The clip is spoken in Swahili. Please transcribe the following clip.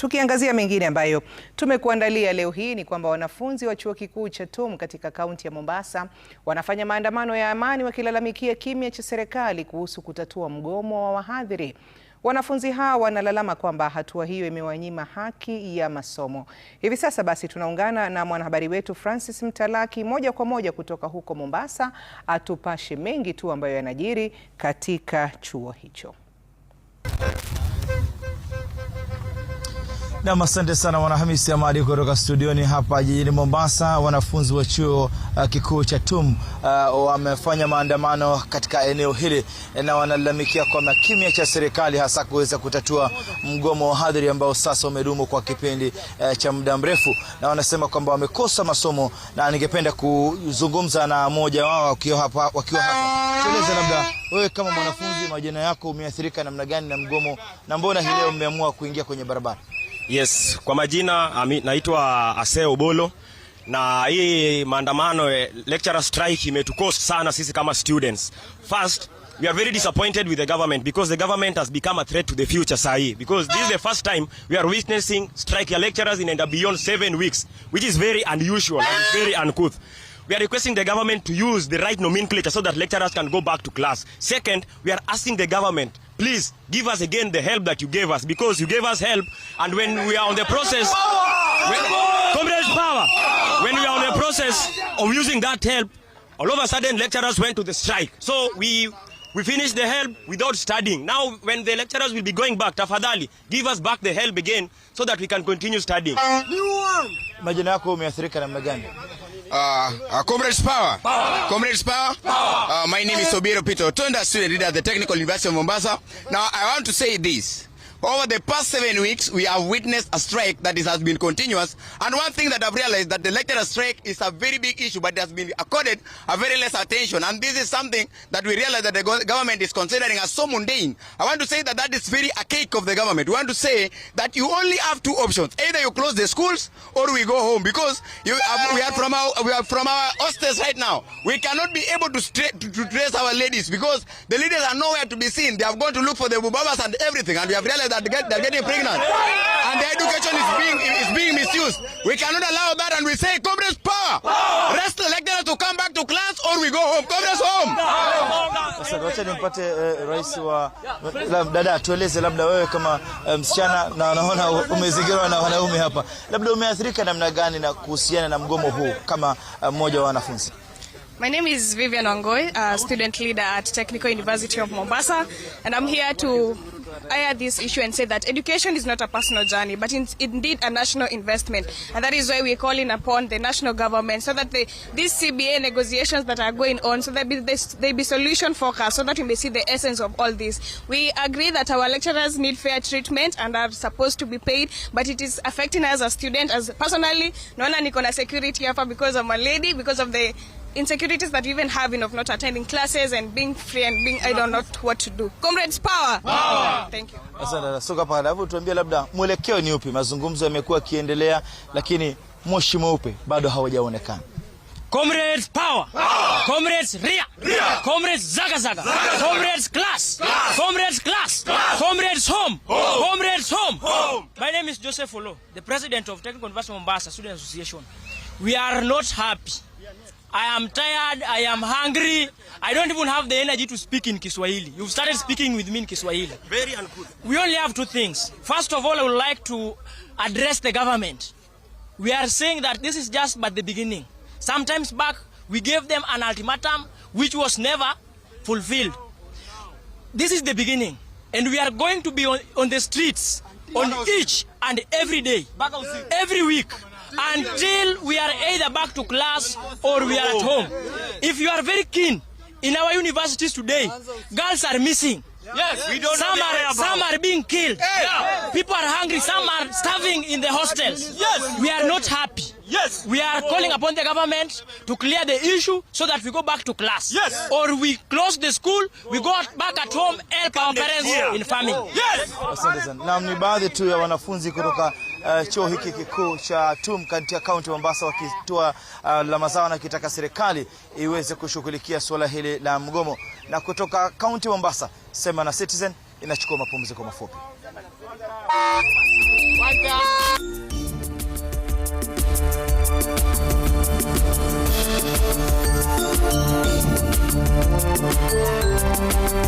Tukiangazia mengine ambayo tumekuandalia leo hii ni kwamba wanafunzi wa chuo kikuu cha TUM katika kaunti ya Mombasa wanafanya maandamano ya amani wakilalamikia kimya cha serikali kuhusu kutatua mgomo wa wahadhiri. Wanafunzi hawa wanalalama kwamba hatua hiyo imewanyima haki ya masomo. Hivi sasa basi tunaungana na mwanahabari wetu Francis Mtalaki moja kwa moja kutoka huko Mombasa, atupashe mengi tu ambayo yanajiri katika chuo hicho. Nam, asante sana Mwanahamisi Amadi kutoka studioni hapa jijini Mombasa. Wanafunzi wa chuo uh, kikuu cha TUM uh, wamefanya maandamano katika eneo hili eh, na wanalalamikia kwama kimya cha serikali hasa kuweza kutatua mgomo wa hadhiri ambao sasa umedumu kwa kipindi uh, cha muda mrefu, na wanasema kwamba wamekosa masomo, na ningependa kuzungumza na moja wao wakiwa hapa, wakiwa hapa. Tueleze labda wewe kama mwanafunzi, majina yako, umeathirika namna gani na mgomo, na mbona hii leo mmeamua kuingia kwenye barabara? Yes, kwa majina naitwa Ase Obolo na hii maandamano eh, lecturer strike imetukost sana sisi kama students. First, we are very disappointed with the government because the government has become a threat to the future sahi because this is the first time we are witnessing strike ya lecturers in and beyond seven weeks which is very unusual and very uncouth. We are requesting the government to use the right nomenclature so that lecturers can go back to class. Second, we are asking the government please give us again the help that you gave us because you gave us help and when we are on the process when, comrades power when we are on the process of using that help all of a sudden lecturers went to the strike so we we finished the help without studying now when the lecturers will be going back tafadhali give us back the help again so that we can continue studying majina yako umeathirika namna gani Uh, ah, uh, ah, comrades power. Power. Comrades power. Power. Uh, ah, my name is Obiero Pito, Tonda student leader at the Technical University of Mombasa. Now, I want to say this. Over the past seven weeks, we have witnessed a strike that is, has been continuous. And one thing that I've realized that the lecturer strike is a very big issue, but it has been accorded a very less attention. And this is something that we realize that the government is considering as so mundane. I want to say that that is very archaic of the government. We want to say that you only have two options. Either you close the schools or we go home because have, we are from our, we are from our hostels right now. We cannot be able to, to, to trace our ladies because the leaders are nowhere to be seen. They have gone to look for the bubabas and everything. And we have realized that get, they're getting pregnant. And the education is being, is being misused. We cannot allow that and we say, Congress power! power. Rest the lecturers to come back to class or we go home. Congress home! Sasa wacha nimpate eh, rais wa dada labda wewe kama eh, msichana na naona umezingirwa na wanaume hapa. Labda umeathirika namna gani na kuhusiana na mgomo huu kama eh, mmoja wa wanafunzi? My name is Vivian Ongoi, a student leader at Technical University of Mombasa, and I'm here to air this issue and say that education is not a personal journey, but it's indeed a national investment. And that is why we're calling upon the national government so that they, these CBA negotiations that are going on, so that be, they, be solution focused, so that we may see the essence of all this. We agree that our lecturers need fair treatment and are supposed to be paid, but it is affecting us as student As personally, naona niko na security hapa because of my lady, because of the insecurities that you even have in of not attending classes and being free and being I don't know what to do. Comrades power. Power. Thank you. Asante soka pale. Hapo tuambie labda mwelekeo ni upi? Mazungumzo yamekuwa kiendelea lakini moshi mweupe bado hawajaonekana. Comrades power. power. Comrades ria. ria. Comrades zaga zaga. Comrades class. class. Comrades class. class. Comrades home. home. Comrades home. home. My name is Joseph Olo, the president of Technical University of Mombasa Student Association. We are not happy. I am tired, I am hungry. I don't even have the energy to speak in Kiswahili. You've started speaking with me in Kiswahili. Very ungood. We only have two things. First of all, I would like to address the government. We are saying that this is just but the beginning. Sometimes back, we gave them an ultimatum which was never fulfilled. This is the beginning. And we are going to be on, on the streets on each and every day, every week until we are either back to class or we are at home. If you are very keen, in our universities today, girls are missing. Yes, we don't some are some are being killed. Hey. Yeah. People are hungry. Some are starving in the hostels. Yes, we are not happy. Yes, we are calling upon the government to clear the issue so that we go back to class. Yes, or we close the school, we go back at home, help our parents in farming. Yes. Asante sana. Na ni baadhi tu ya wanafunzi kutoka uh, chuo hiki kikuu cha TUM katika kaunti ya Mombasa wakitoa uh, eh, lawama zao na kitaka serikali iweze kushughulikia suala hili la mgomo. Na kutoka kaunti ya Mombasa, Sema na Citizen inachukua mapumziko mafupi.